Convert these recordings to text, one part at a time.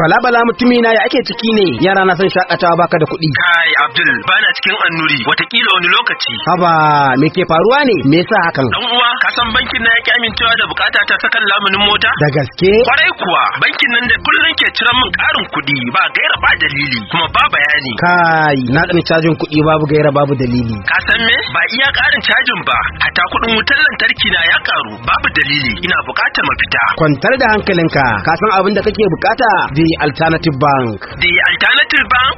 Bala bala mutumi na ya ake ciki ne yara na son shakatawa baka da kuɗi. Kai Abdul bana cikin annuri watakila wani lokaci. Haba me ke faruwa ne me yasa hakan? Dan uwa ka san bankin na yake amincewa da bukata ta sakan lamunin mota? Da gaske. Kwarai kuwa bankin nan da kullun ke ciran min karin kuɗi ba gaira ba dalili kuma ba bayani. Kai na tsani cajin kuɗi babu gaira babu dalili. Ka san me ba iya ƙarin cajin ba hatta kuɗin wutar lantarki na ya karu babu dalili ina bukatar mafita. Kwantar da hankalinka ka san abin da kake bukata zai The Alternative Bank. The Alternative Bank?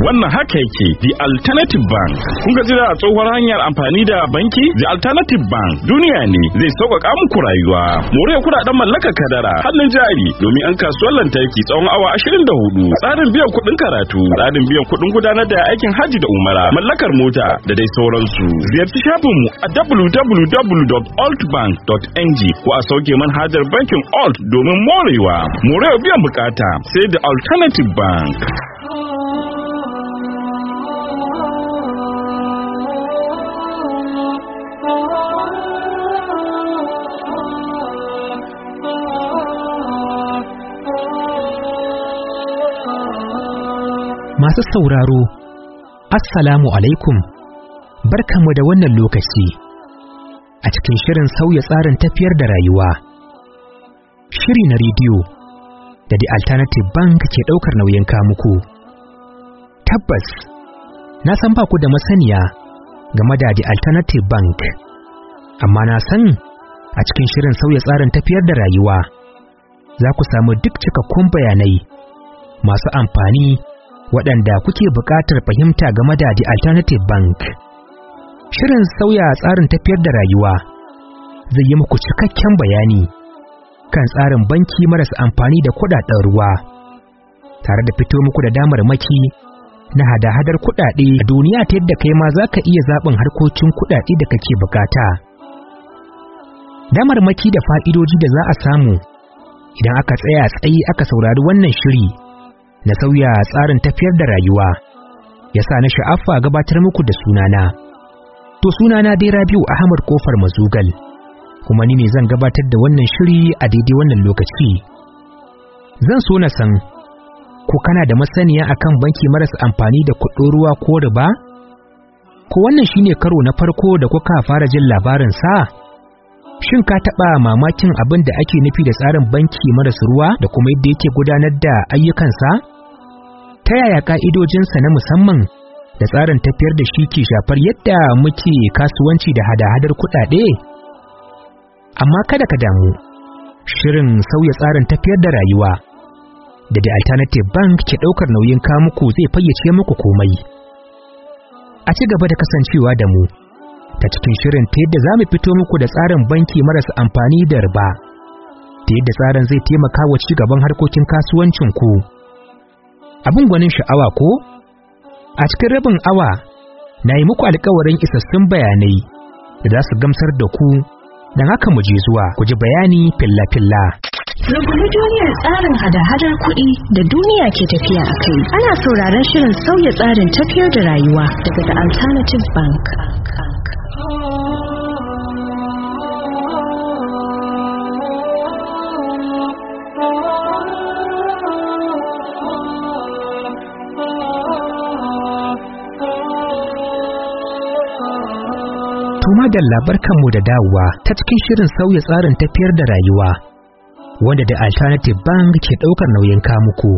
Wannan haka yake The Alternative Bank. Kun ga a tsohuwar hanyar amfani da banki? The Alternative Bank duniya ne zai sauƙaƙa muku rayuwa. More kuɗaɗen mallaka kadara, hannun jari domin an kasuwar lantarki tsawon awa 24. Tsarin biyan kuɗin karatu, tsarin biyan kuɗin gudanar da aikin hajji da umara, mallakar mota da dai sauransu. Ziyarci shafinmu a www.altbank.ng ko a sauke manhajar bankin Alt domin morewa. More biyan bukata sai da Alternative Bank. Masu sauraro, Assalamu alaikum, barkanmu da wannan lokaci a cikin shirin sauya tsarin tafiyar da rayuwa. Shiri na rediyo da The Alternative Bank ke ɗaukar nauyin muku. Tabbas, na san ba ku da masaniya game da The Alternative Bank, amma na san a cikin shirin sauya tsarin tafiyar da rayuwa za ku samu duk cikakkun bayanai masu amfani waɗanda kuke buƙatar fahimta game da The Alternative Bank. Shirin sauya tsarin tafiyar da rayuwa zai yi muku cikakken bayani. kan tsarin banki marasa amfani da kudaden ruwa tare da fito muku da damarmaki na hada-hadar kudade a duniya ta yadda kai ma za ka iya zaɓin harkokin kudade da kake bukata damarmaki da fa'idoji da za a samu idan aka tsaya tsayi aka saurari wannan shiri na sauya tsarin tafiyar da rayuwa ya sa na sha'afa gabatar muku da sunana to sunana dai rabiu ahmad kofar mazugal kuma ni ne zan gabatar da wannan shiri a daidai wannan lokaci zan so na san ko kana da masaniya akan banki maras amfani da kuɗin ruwa ko riba ko wannan shine karo na farko da kuka fara jin labarin sa shin ka taɓa mamakin abin da ake nufi da tsarin banki maras ruwa da kuma yadda yake gudanar da ayyukansa ta yaya ka'idojinsa na musamman da tsarin tafiyar da shi ke shafar yadda muke kasuwanci da hada-hadar kuɗaɗe? amma kada ka damu shirin sauya tsarin tafiyar da rayuwa da The Alternative Bank ke ɗaukar nauyin kamuku zai fayyace muku komai. A ci gaba da kasancewa da mu ta cikin shirin ta yadda za mu fito muku da tsarin banki marasa amfani da riba ta yadda tsarin zai taimaka wa ci gaban harkokin kasuwancin ku. Abin gwanin sha'awa ko? A cikin rabin awa na yi muku alkawarin isassun bayanai da za su gamsar da ku Dan haka mu je zuwa ku ji bayani filla-filla. Rungumi duniyar tsarin hada-hadar kuɗi da duniya ke tafiya a kai. Ana sauraron shirin sauya tsarin tafiyar da rayuwa daga The Alternative Bank. madalla barkanmu da dawowa ta cikin shirin sauya tsarin tafiyar da rayuwa wanda da alternative bank ke ɗaukar nauyin kamuku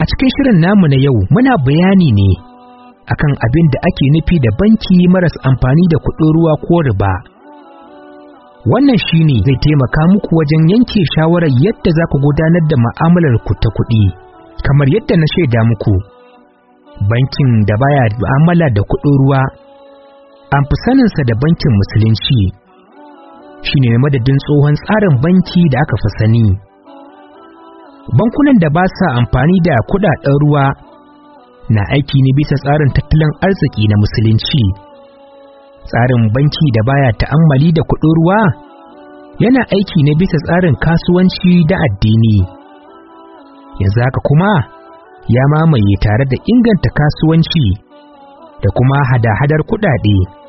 a cikin shirin namu na yau muna bayani ne akan abin da ake nufi da banki maras amfani da kuɗin ruwa ko riba wannan shine zai taimaka muku wajen yanke shawarar yadda za ku gudanar da ma'amalar ku ta kuɗi kamar yadda na shaida muku bankin da baya mu'amala da kuɗin ruwa an fi saninsa da bankin musulunci shine madadin tsohon tsarin banki da aka fi sani bankunan da ba sa amfani da kudaden ruwa na aiki ne bisa tsarin tattalin arziki na musulunci tsarin banki da baya ta'ammali da kudin ruwa yana aiki ne bisa tsarin kasuwanci da addini yanzu haka kuma ya mamaye tare da inganta kasuwanci da kuma hada-hadar kudade.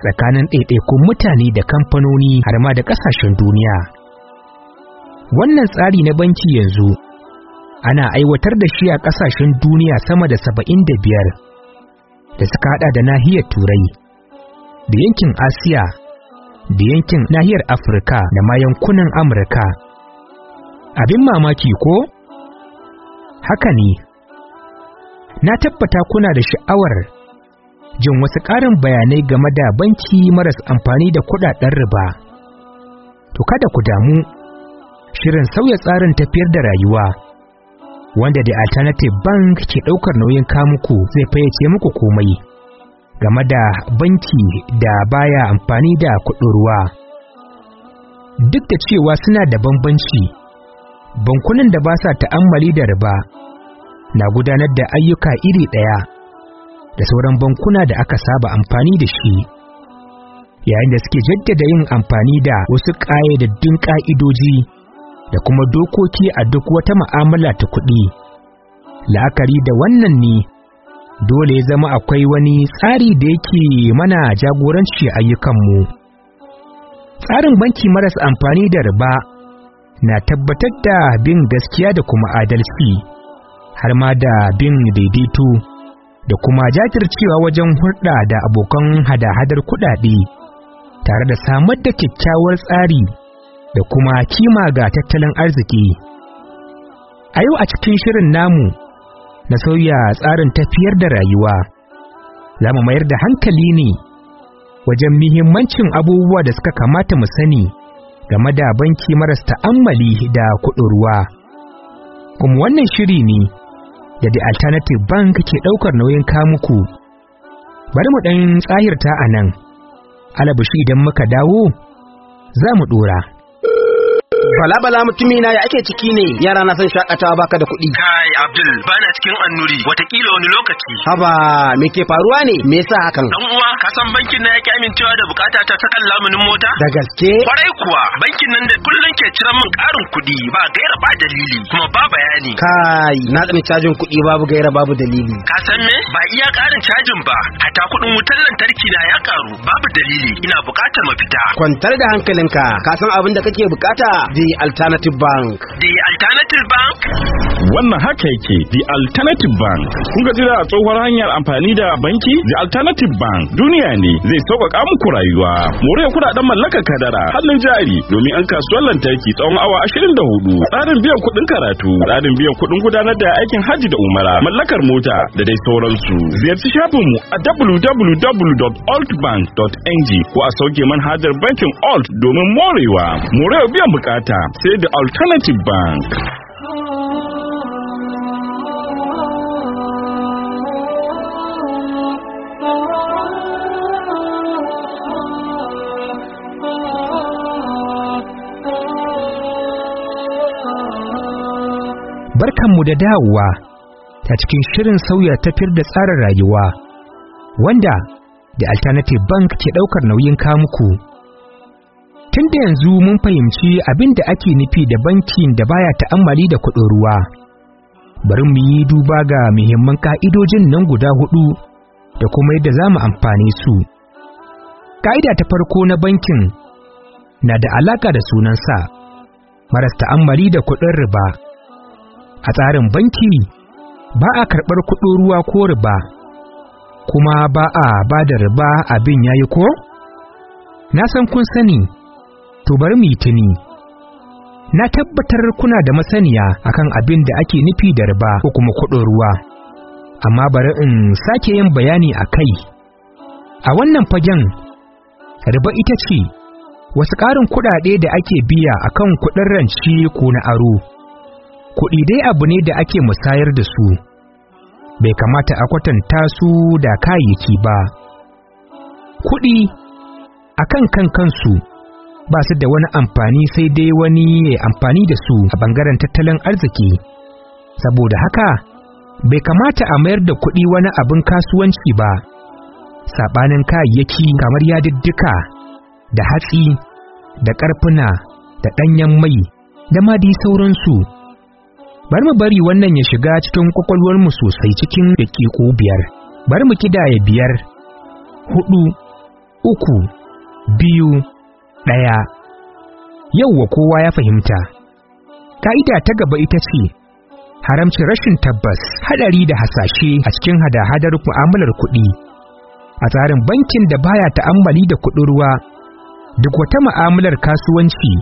tsakanin ɗaiɗaikun mutane da kamfanoni har ma da ƙasashen duniya wannan tsari na banki yanzu ana aiwatar da shi a ƙasashen duniya sama da saba'in da biyar da suka haɗa da nahiyar turai da yankin asiya da yankin nahiyar afirka da ma yankunan amurka abin mamaki ko haka ne na tabbata kuna da sha'awar jin wasu ƙarin bayanai game da banki maras amfani da kuɗaɗen riba. To kada ku damu, shirin sauya tsarin tafiyar da rayuwa, wanda da Alternative Bank ke ɗaukar nauyin kamuku zai fayyace muku komai game da banki da baya amfani da kuɗin ruwa. Duk da cewa suna da bambanci, bankunan da ba sa ta'ammali da riba na gudanar da ayyuka iri ɗaya. da sauran bankuna da aka saba amfani da shi yayin da suke jaddada yin amfani da wasu ƙayyadaddun ƙa'idoji da kuma dokoki a duk wata ma'amala ta kuɗi la'akari da wannan ne dole ya zama akwai wani tsari da yake mana jagoranci ayyukanmu tsarin banki maras amfani da riba na tabbatar da bin gaskiya da kuma adalci har ma da bin daidaito da kuma jajircewa wajen hulɗa da abokan hada-hadar kuɗaɗe tare da samar da kyakkyawar tsari da kuma kima ga tattalin arziki. A yau a cikin shirin namu na sauya tsarin tafiyar da rayuwa, za mu mayar da hankali ne wajen muhimmancin abubuwa da suka kamata mu sani game da banki maras ta'ammali da kuɗin ruwa. Kuma wannan shiri ne. da The Alternative Bank ke ɗaukar nauyin kamuku, Bari mu ɗan tsahirta a nan, alabashi idan muka dawo, za mu ɗora. bala bala mutumi na ya ake ciki ne yara na san shakatawa baka da kuɗi kai abdul bana cikin annuri watakila wani lokaci haba me ke faruwa ne me yasa hakan dan uwa ka san bankin na yake amincewa da bukata ta sakan lamunin mota da gaske kwarai kuwa bankin nan da kullun ke ciran min karin kuɗi ba gaira ba dalili kuma ba bayani kai na tsani cajin kuɗi babu gaira babu dalili ka san me ba iya karin cajin ba hata kuɗin wutar lantarki na ya karu babu dalili ina bukatar mafita kwantar da hankalinka ka san abin da kake bukata The Alternative Bank. The Alternative Bank? Wannan haka yake The Alternative Bank. Kun ga a tsohuwar hanyar amfani da banki? The Alternative Bank duniya ne zai sauƙaƙa muku rayuwa. More kuɗaɗen mallakar kadara, hannun jari domin an kasuwar lantarki tsawon awa 24. Tsarin biyan kuɗin karatu, tsarin biyan kuɗin gudanar da aikin hajji da umara, mallakar mota da dai sauransu. Ziyarci mu a www.altbank.ng ko a sauke manhajar bankin Alt domin morewa. More biyan bukatu bukata sai da Alternative Bank. barkanmu da dawowa ta cikin shirin sauya tafiyar da tsarin rayuwa wanda da alternative bank ke ɗaukar nauyin kamuku tun da yanzu mun fahimci abin da ake nufi da bankin da baya ta'ammali da kuɗin ruwa bari mu yi duba ga muhimman ka'idojin nan guda hudu da kuma yadda za mu amfani su ka'ida ta farko na bankin na da alaka da sunansa maras ta'ammali da kuɗin riba a tsarin banki ba a karɓar kuɗin ruwa ko riba kuma ba a ba da riba abin ya yi ko na san kun sani to bari mu yi tuni na tabbatar kuna da masaniya akan abin da ake nufi da riba ko kuma kuɗin ruwa amma bari in sake yin bayani a kai a wannan fagen riba ita ce wasu ƙarin kuɗaɗe da ake biya akan kuɗin ranci ko na aro kuɗi dai abu ne da ake musayar da su bai kamata a kwatanta su da kayayyaki ba kuɗi akan kan kansu ba su da wani amfani sai dai wani ya amfani da su a bangaren tattalin arziki saboda haka bai kamata a mayar da kuɗi wani abin kasuwanci ba saɓanin kayayyaki kamar yadiddika da hatsi da ƙarfuna da ɗanyen mai da ma dai sauransu bari mu bari wannan ya shiga cikin mu sosai cikin daƙiƙo biyar bari mu kidaya biyar hudu uku biyu ɗaya wa kowa ya fahimta ƙa'ida ta gaba ita ce haramci rashin tabbas haɗari da hasashe a cikin hada-hadar mu'amalar kuɗi a tsarin bankin da baya ta'ammali da kuɗin ruwa duk wata mu'amalar kasuwanci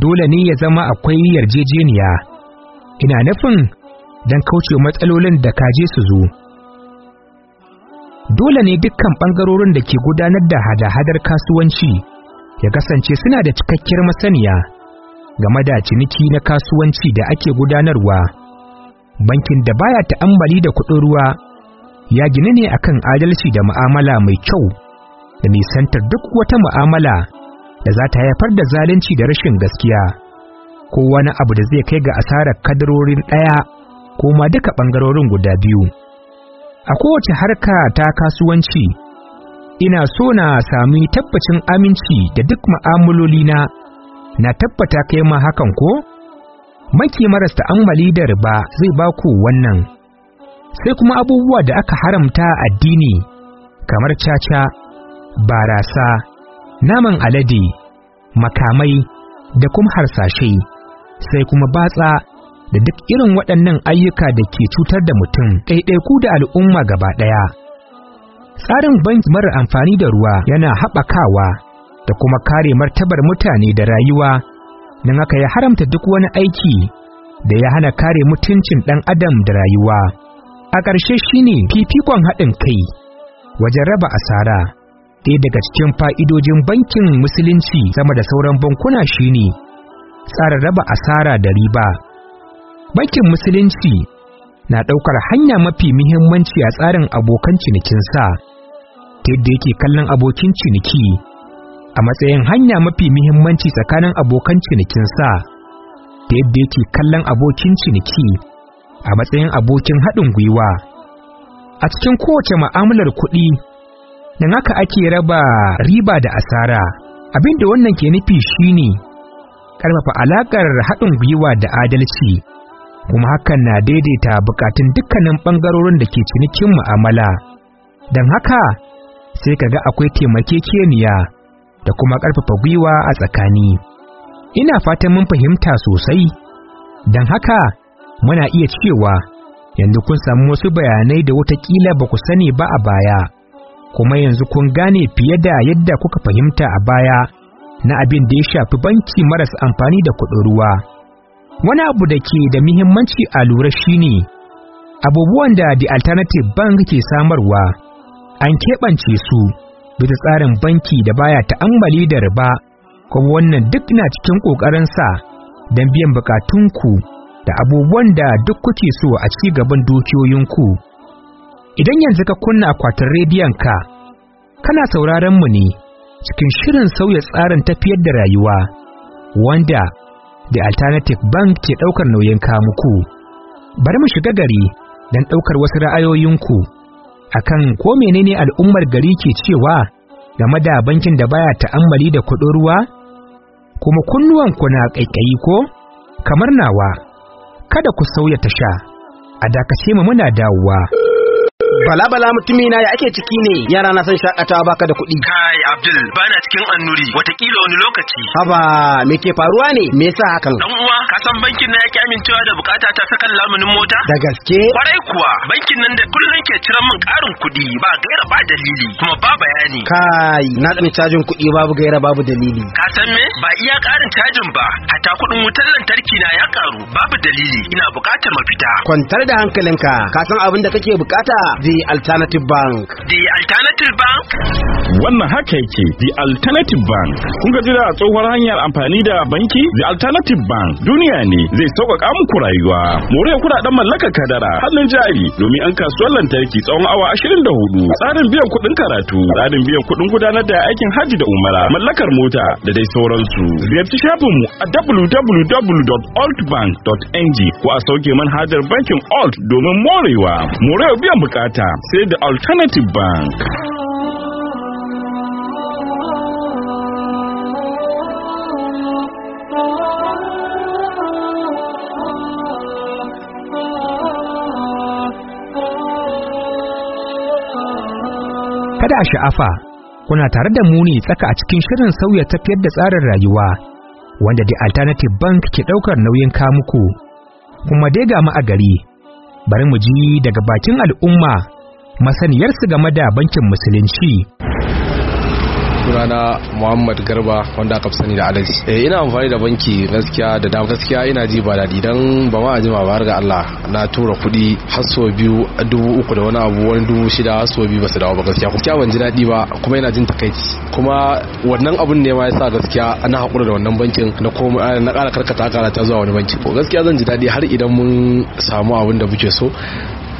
dole ne ya zama akwai yarjejeniya ina nufin don kauce matsalolin da kaje su zo dole ne dukkan ɓangarorin da ke gudanar da hada-hadar kasuwanci ya kasance suna da cikakkiyar masaniya game da ciniki na kasuwanci da ake gudanarwa bankin da baya ta'ammali da kuɗin ruwa ya gina ne akan adalci da mu'amala mai kyau da nisantar duk wata mu'amala da za ta haifar da zalunci da rashin gaskiya ko wani abu da zai kai ga asarar kadarorin ɗaya ko ma duka ɓangarorin guda biyu a kowace harka ta kasuwanci ina so na sami tabbacin aminci da duk mu'amalolina na tabbata kai ma hakan ko? Maki maras ta'ammali da riba zai ba ku wannan. Sai kuma abubuwa da aka haramta addini kamar caca, barasa, naman alade, makamai da kuma harsashe, sai kuma batsa da duk irin waɗannan ayyuka da ke cutar da mutum ɗaiɗaiku da al'umma gaba ɗaya. Tsarin banki mara amfani da ruwa yana haɓakawa da kuma kare martabar mutane da rayuwa, don aka ya haramta duk wani aiki da ya hana kare mutuncin ɗan adam da rayuwa. A ƙarshe shine fifikon haɗin kai wajen raba asara. Ɗaya daga cikin fa'idojin bankin musulunci sama da sauran bankuna shine tsara raba asara da riba. Bankin musulunci na ɗaukar hanya mafi muhimmanci a tsarin abokan cinikinsa. yadda yake kallon abokin ciniki a matsayin hanya mafi muhimmanci tsakanin abokan cinikinsa Da yadda yake kallon abokin ciniki a matsayin abokin haɗin gwiwa a cikin kowace ma'amalar kuɗi Dan haka ake raba riba da asara abinda wannan ke nufi shine ƙarfafa alaƙar haɗin gwiwa da adalci kuma hakan na daidaita bukatun dukkanin ɓangarorin da ke cinikin mu'amala Dan haka sai ka ga akwai taimakekeniya da kuma ƙarfafa gwiwa a tsakani. Ina fatan mun fahimta sosai, don haka muna iya cewa yanzu kun samu wasu bayanai da watakila ba ku sani ba a baya, kuma yanzu kun gane fiye da yadda kuka fahimta a baya na abin da ya shafi banki maras amfani da kuɗin ruwa. Wani abu da ke da muhimmanci a lura shine abubuwan da The Alternative Bank ke samarwa. an keɓance su bisa tsarin banki da baya ta'ammali da riba kuma wannan duk na cikin ƙoƙarin sa don biyan ku da abubuwan da duk kuke so a ci gaban dukiyoyinku idan yanzu ka kunna akwatin rediyon ka kana sauraron mu ne cikin shirin sauya tsarin tafiyar da rayuwa wanda The Alternative Bank ke ɗaukar nauyin kamuku. Bari mu shiga gari don ɗaukar wasu ra'ayoyinku. akan ko menene al'ummar gari ke cewa game da bankin da baya ta'ammali da kuɗin ruwa? Kuma kunnuwan ku na ƙaiƙayi ko? Kamar nawa, kada ku sauya tasha, a dakace mu muna dawowa. Bala bala mutumi na ya ake ciki ne yara na san shakatawa baka da kuɗi. Kai Abdul bana cikin annuri watakila wani lokaci. Haba me ke faruwa ne me yasa hakan? Dan uwa ka san bankin na yake amincewa da bukata ta sakan lamunin mota? Da gaske. Kwarai kuwa bankin nan da kullum ke ciran min karin kuɗi ba gaira ba dalili kuma ba bayani. Kai na tsani cajin kuɗi babu gaira babu dalili. Ka san me ba iya karin cajin ba hatta kuɗin wutar lantarki na ya karu babu dalili ina bukatar mafita. Kwantar da hankalinka ka san abin da kake bukata The Alternative Bank. The Alternative Bank? Wannan haka yake The Alternative Bank. Kun ga da tsohuwar hanyar amfani da banki? The Alternative Bank duniya ne zai sauƙaƙa muku rayuwa. More kuɗaɗen mallaka kadara, hannun jari, domin an kasuwar lantarki tsawon awa ashirin da hudu, tsarin biyan kuɗin karatu, tsarin biyan kuɗin gudanar da aikin hajji da umara, mallakar mota da dai sauransu. Ziyarci mu a www.altbank.ng ko a sauke manhajar bankin Alt domin morewa. More biyan bukata bukata sai da alternative bank Kada a sha'afa, kuna tare da muni tsaka a cikin shirin sauya tafiyar da tsarin rayuwa, wanda The Alternative Bank ke ɗaukar nauyin kamuku, kuma dai ga mu a gari. bari mu ji daga bakin al'umma masaniyarsu game da bankin musulunci sunana muhammad garba wanda aka sani da eh ina amfani da banki gaskiya da dama gaskiya ina ji ba daɗi dan ba ma ajima ba har ga Allah na tura kuɗi har so biyu dubu uku da wani abu wani dubu shida har so biyu ba su dawo ba gaskiya kuma ban ji daɗi ba kuma ina jin takaici kuma wannan abun ne ma yasa gaskiya ana haƙura da wannan bankin na koma na ƙara karkata ƙara ta zuwa wani banki gaskiya zan ji daɗi har idan mun samu abin da muke so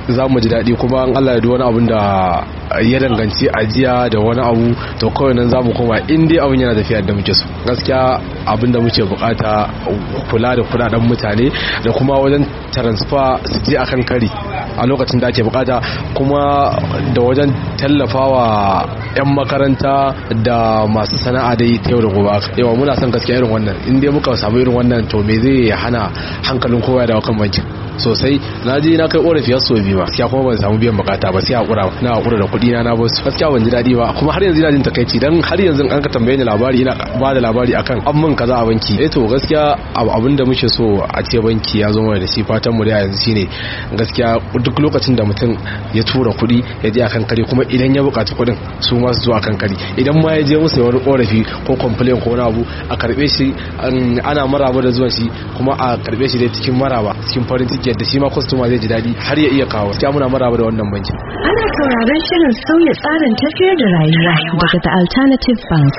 za mu ji daɗi kuma an Allah ya wani abun da ya danganci ajiya da wani abu to kawai nan za mu koma in dai abin yana tafiya da muke so gaskiya abin da muke bukata kula da kudaden mutane da kuma wajen transfer su je akan kari a lokacin da ake bukata kuma da wajen tallafawa 'yan makaranta da masu sana'a dai ta yau da gobe yawa muna son gaskiya irin wannan in muka samu irin wannan to me zai hana hankalin kowa ya dawo kan bankin sosai na je na kai korafi so biyu ba gaskiya kuma ban samu biyan bukata ba sai hakura na hakura da kuɗi na na ba gaskiya ban ji daɗi ba kuma har yanzu ina jin takaici dan har yanzu an ka tambaye ni labari ina ba da labari akan an mun kaza a banki eh to gaskiya abin da muke so a ce banki ya zo mana da shi fatan mu da yanzu shine gaskiya duk lokacin da mutum ya tura kuɗi ya je akan kare kuma idan ya bukaci kuɗin su ma su zo akan kare idan ma ya je musu wani korafi ko complain ko wani abu a karbe shi ana maraba da zuwan shi kuma a karbe shi dai cikin maraba cikin farin ciki dukiyar da shi ma kwastoma zai ji daɗi har ya iya kawo ta muna maraba da wannan bankin ana sauraron shirin sauya tsarin tafiyar da rayuwa daga the alternative bank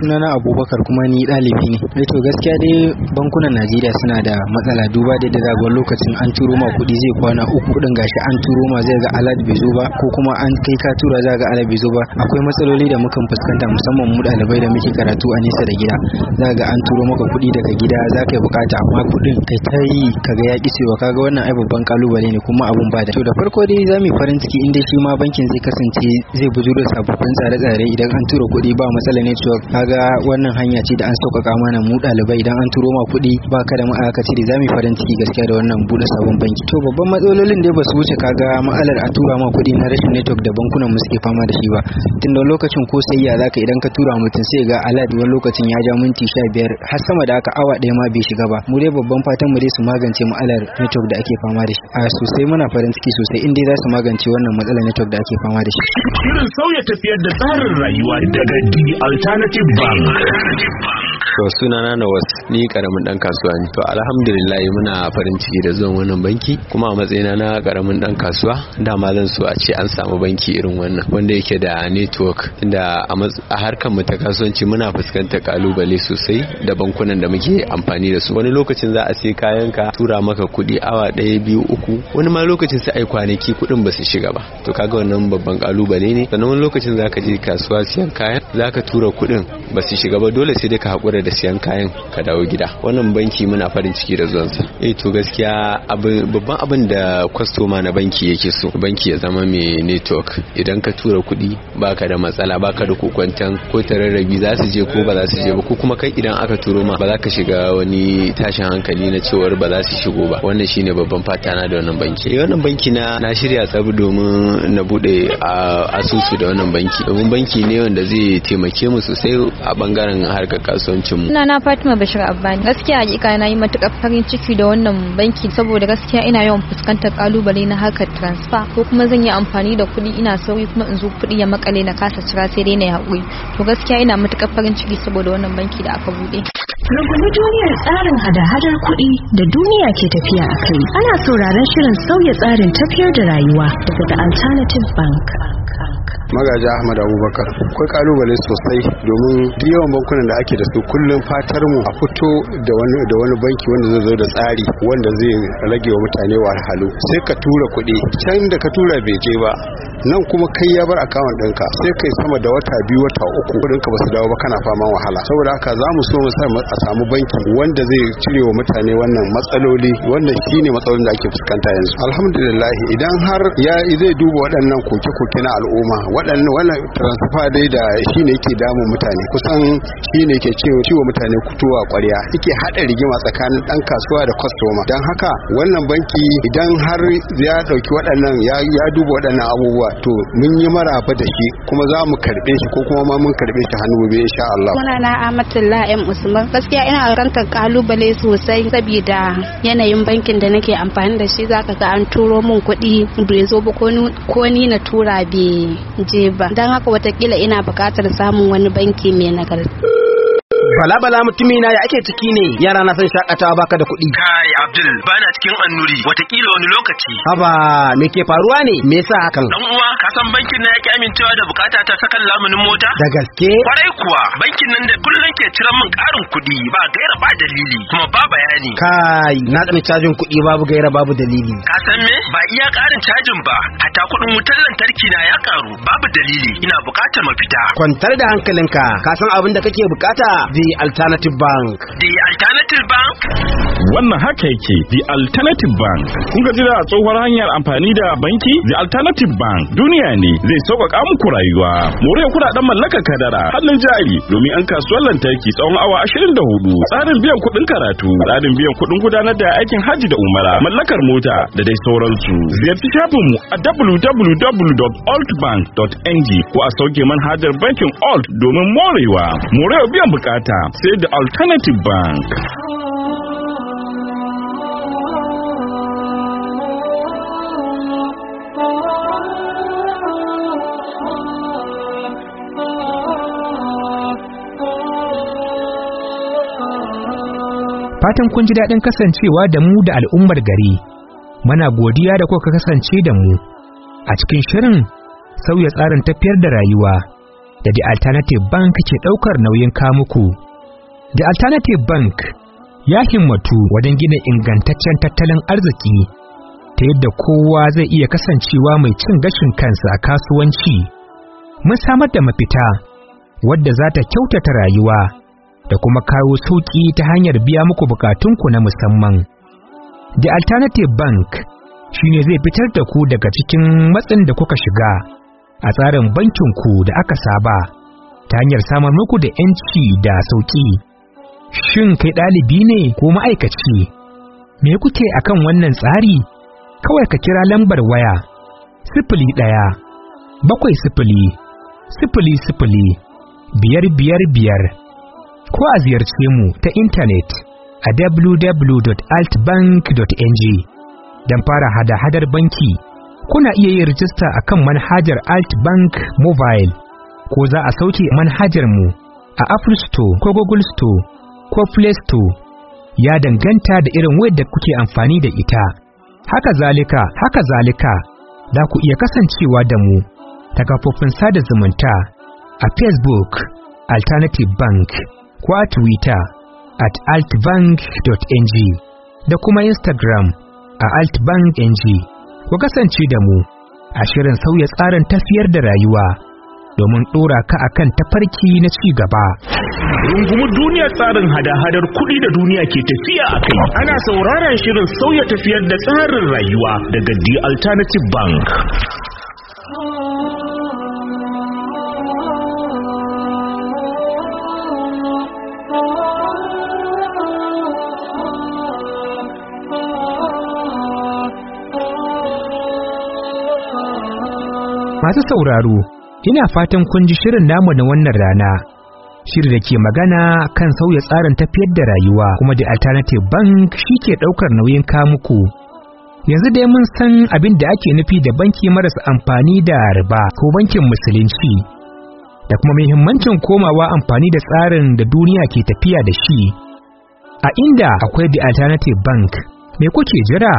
sunana abubakar kuma ni ɗalibi ne eh to gaskiya dai bankunan najeriya suna da matsala duba da zagon lokacin an turo ma kuɗi zai kwana uku kuɗin gashi an turo ma zai ga alad bai zo ba ko kuma an kai ka tura za ga alad bai zo ba akwai matsaloli da mukan fuskanta musamman mu ɗalibai da muke karatu a nesa da gida za ga an turo maka kuɗi daga gida za ka yi bukata amma kuɗin kai ta yi ga ya ki cewa kaga wannan ai babban kalubale ne kuma abun ba da to da farko dai za mu farin ciki inda shi ma bankin zai kasance zai bujuro sabbin tsare-tsare idan an tura kuɗi ba matsala ne cewa kaga wannan hanya ce da an sauƙaƙa mana mu ɗalibai idan an turo ma kuɗi ba ka da ma'aikaci da za mu farin ciki gaskiya da wannan buɗe sabon banki to babban matsalolin da ba su wuce ka ga ma'alar a tura ma kuɗi na rashin network da bankunan mu suke fama da shi ba tun da lokacin ko sai ya zaka idan ka tura mutum sai ga alert wani lokacin ya ja minti biyar har sama da aka awa daya ma bai shiga ba mu dai babban fatan mu dai su magance ma'alar network da ake fama da shi a sosai muna farin ciki sosai in dai za su magance wannan matsalar network da ake fama da shi shirin sauya tafiyar da tsarin rayuwa daga The Alternative Bank. To sunana na wasu. ni karamin dan kasuwa ne. To alhamdulillah muna farin ciki da zuwan wannan banki kuma a matsayina na karamin dan kasuwa dama zan so a ce an samu banki irin wannan wanda yake da network inda a harkar mu ta kasuwanci muna fuskantar kalubale sosai da bankunan da muke amfani da su. Wani lokacin za a sai kayan ka tura maka kuɗi awa ɗaya biyu uku wani ma lokacin sai ai kwanaki kuɗin ba su shiga ba. To kaga wannan babban kalubale ne sannan wani lokacin za ka je kasuwa siyan kayan za ka tura kuɗin ba su shiga ba dole sai dai ka hakura da siyan kayan ka dawo gida wannan banki muna farin ciki da zuwansa eh to gaskiya babban abin da kwastoma na banki yake so banki ya zama mai network idan ka tura kuɗi baka da matsala baka da kokwantan ko tararrabi za su je ko ba za su je ba ko kuma kai idan aka turo ma ba za ka shiga wani tashin hankali na cewar ba za su shigo ba wannan shine babban fata na da wannan banki eh wannan banki na na shirya tsabu domin na bude ah, asusu da wannan banki domin banki ne wanda zai taimake mu sosai a bangaren harkar kasuwancin mu. Sunana Fatima Bashir Abbani. Gaskiya hakika na yi matukar farin ciki da wannan banki saboda gaskiya ina yawan fuskantar kalubale na harkar transfer ko kuma zan yi amfani da kuɗi ina sauri kuma in zo kuɗi ya makale na kasa cira sai dai na haƙuri. To gaskiya ina matukar farin ciki saboda wannan banki da aka buɗe. Rungumi duniyar tsarin hada-hadar kuɗi da duniya ke tafiya a kai. Ana sauraron shirin sauya tsarin tafiyar da rayuwa daga The Alternative Bank. magaji ahmad abubakar akwai kalubale sosai domin yawan bankunan da ake da su kullum fatar mu a fito da wani da banki wanda zai zo da tsari wanda zai rage wa mutane wahalhalu sai ka tura kuɗi can da ka tura bai je ba nan kuma kai ya bar akawun ɗinka sai kai sama da wata biyu wata uku kuɗinka ba su dawo ba kana fama wahala saboda haka za mu so mu a samu banki wanda zai cire wa mutane wannan matsaloli wanda shine matsalolin da ake fuskanta yanzu alhamdulillah idan har ya zai duba waɗannan koke-koke na al'umma waɗannan wannan transfer dai da shi ne yake damun mutane kusan shi ne ke ciwo mutane kutuwa ƙwarya yake haɗa rigima tsakanin ɗan kasuwa da kwastoma don haka wannan banki idan har ya ɗauki waɗannan ya duba waɗannan abubuwa to mun yi maraba da shi kuma za mu karɓe shi ko kuma ma mun karɓe shi hannu gobe insha Allah. na Amatullah M Usman gaskiya ina rantar kalubale sosai saboda yanayin bankin da nake amfani da shi zaka ga an turo mun kuɗi bai zo ba ko ni na tura bai je ba don haka watakila ina buƙatar samun wani banki mai nagarta bala bala mutumi na ya ake ciki ne yara na san shakatawa baka da kuɗi kai abdul bana cikin annuri watakila wani lokaci haba me ke faruwa ne me yasa hakan dan uwa ka san bankin na yake amincewa da bukata ta sakan lamunin mota da gaske kwarai kuwa bankin nan da kullun ke ciran min karin kuɗi ba gaira ba dalili kuma ba bayani kai na tsani cajin kuɗi babu gaira babu dalili ka san me ba iya karin cajin ba hatta kuɗin wutar lantarki na ya karu babu dalili ina bukatar mafita kwantar da hankalinka ka san abin da kake bukata The Alternative Bank. The Alternative Bank? Wannan haka yake The Alternative Bank. Kun gaji da tsohuwar hanyar amfani da banki? The Alternative Bank duniya ne zai sauƙaƙa muku rayuwa. More kuɗaɗen mallakar kadara, hannun jari domin an kasuwar lantarki tsawon awa ashirin da hudu. Tsarin biyan kuɗin karatu, tsarin biyan kuɗin gudanar da aikin haji da umara, mallakar mota da dai sauransu. Ziyarci shafinmu a www.altbank.ng ko a sauke manhajar bankin Alt domin morewa. Morewa biyan bukata. wadata sai da alternative bank fatan kun ji daɗin kasancewa da mu da al'ummar gari mana godiya da kuka kasance da mu a cikin shirin sauya tsarin tafiyar da rayuwa da The Alternative Bank ke ɗaukar nauyin kamuku. The Alternative Bank ya himmatu wajen gina ingantaccen tattalin arziki ta yadda kowa zai iya kasancewa mai cin gashin kansa a kasuwanci. Mun samar da mafita wadda za ta kyautata rayuwa da kuma kawo sauƙi ta hanyar biya muku bukatunku na musamman. The Alternative Bank shi ne zai fitar da ku daga cikin matsin da kuka shiga. a tsarin bankin ku da aka saba ta hanyar samar muku da 'yanci da sauƙi. Shin kai ɗalibi ne ko ma'aikaci? Me kuke a kan wannan tsari? Kawai ka kira lambar waya sifili ɗaya bakwai sifili sifili sifili biyar biyar biyar ko a ziyarce mu ta intanet a www.altbank.ng don fara hada-hadar banki. kuna iya yin rijista a kan manhajar alt bank Mobile ko za a sauke manhajar mu a Apple Store ko Google Store ko Play Store ya danganta da irin wayar da kuke amfani da ita. Haka zalika, haka zalika, za ku iya kasancewa da mu ta kafofin sada zumunta a Facebook Alternative Bank ko a Twitter at altbank.ng da kuma Instagram a altbank.ng. ku kasance da mu a shirin sauya tsarin tafiyar da rayuwa domin ɗora ka a kan tafarki na ci gaba. Rungumu duniyar tsarin hada-hadar kuɗi da duniya ke tafiya a kai. Ana sauraron shirin sauya tafiyar da tsarin rayuwa daga The Alternative Bank. Masu sauraro, ina fatan kun ji shirin namu na wannan rana. shirin da ke magana kan sauya tsarin tafiyar da rayuwa kuma da Alternative Bank shi ke ɗaukar nauyin kamuku. Yanzu dai mun san abin da ake nufi da banki marasa amfani da riba ko bankin musulunci. Da kuma muhimmancin komawa amfani da tsarin da duniya ke tafiya da shi. A inda akwai The Alternative Bank, me kuke jira?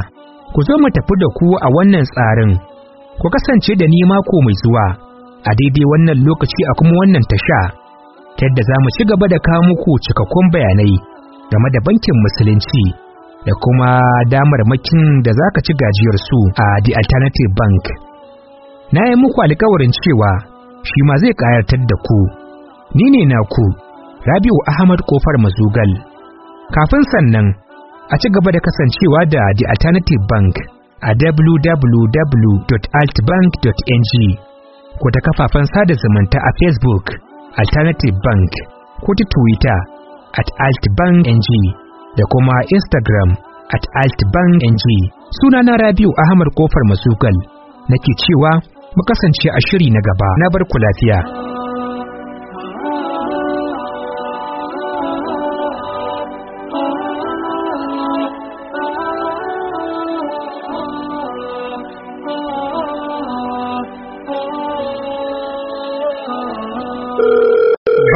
Ku zo mu tafi da ku a wannan tsarin. ku kasance da ni mako mai zuwa a daidai wannan lokaci a kuma wannan tasha ta yadda za mu ci gaba da kawo muku cikakkun bayanai game da bankin musulunci da kuma damarmakin da za ka ci gajiyarsu a The Alternative Bank. Na yi muku alkawarin cewa shi ma zai kayatar da ku. Ni ne naku, Rabiu Ahmad Kofar Mazugal. Kafin sannan, a ci gaba da kasancewa da The Alternative Bank. a www.altbank.ng ko ta kafafen sada zumunta a Facebook Alternative Bank ko ta Twitter at altbankng da kuma Instagram at altbankng na Rabiu Ahmad Kofar Masugal nake cewa mu kasance a shiri na gaba na barku lafiya.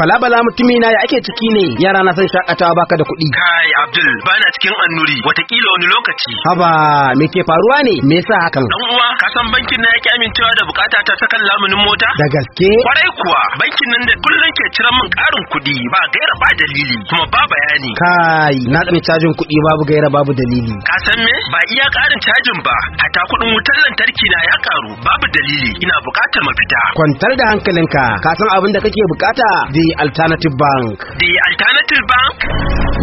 bala bala mutumi na ya ake ciki ne yara na san shakatawa baka da kuɗi kai abdul bana cikin annuri watakila wani lokaci haba me ke faruwa ne me yasa hakan dan uwa ka san bankin na yake amincewa da bukata ta sakan lamunin mota da gaske kwarai kuwa bankin nan da kullun ke ciran min karin kuɗi ba gaira ba dalili kuma ba bayani kai na tsani cajin kuɗi babu gaira babu dalili ka san me ba iya karin cajin ba hatta kuɗin wutar lantarki na ya karu babu dalili ina bukatar mafita kwantar da hankalinka ka san abin da kake bukata zai Alternative Bank. The Alternative Bank?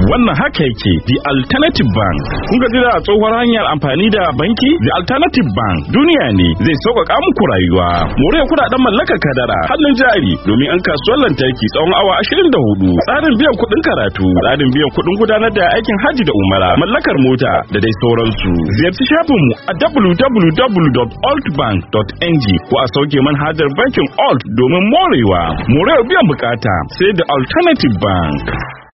Wannan haka yake The Alternative Bank. Kun ga a tsohuwar hanyar amfani da banki? The Alternative Bank duniya ne zai sauƙaƙa muku rayuwa. More kuɗaɗen mallakar kadara, hannun jari domin an kasuwar lantarki tsawon awa 24. Tsarin biyan kuɗin karatu, tsarin biyan kuɗin gudanar da aikin hajji da umara, mallakar mota da dai sauransu. Ziyarci mu a www.altbank.ng ko a sauke manhajar bankin Alt domin morewa. Morewar biyan bukata Say the Alternative Bank.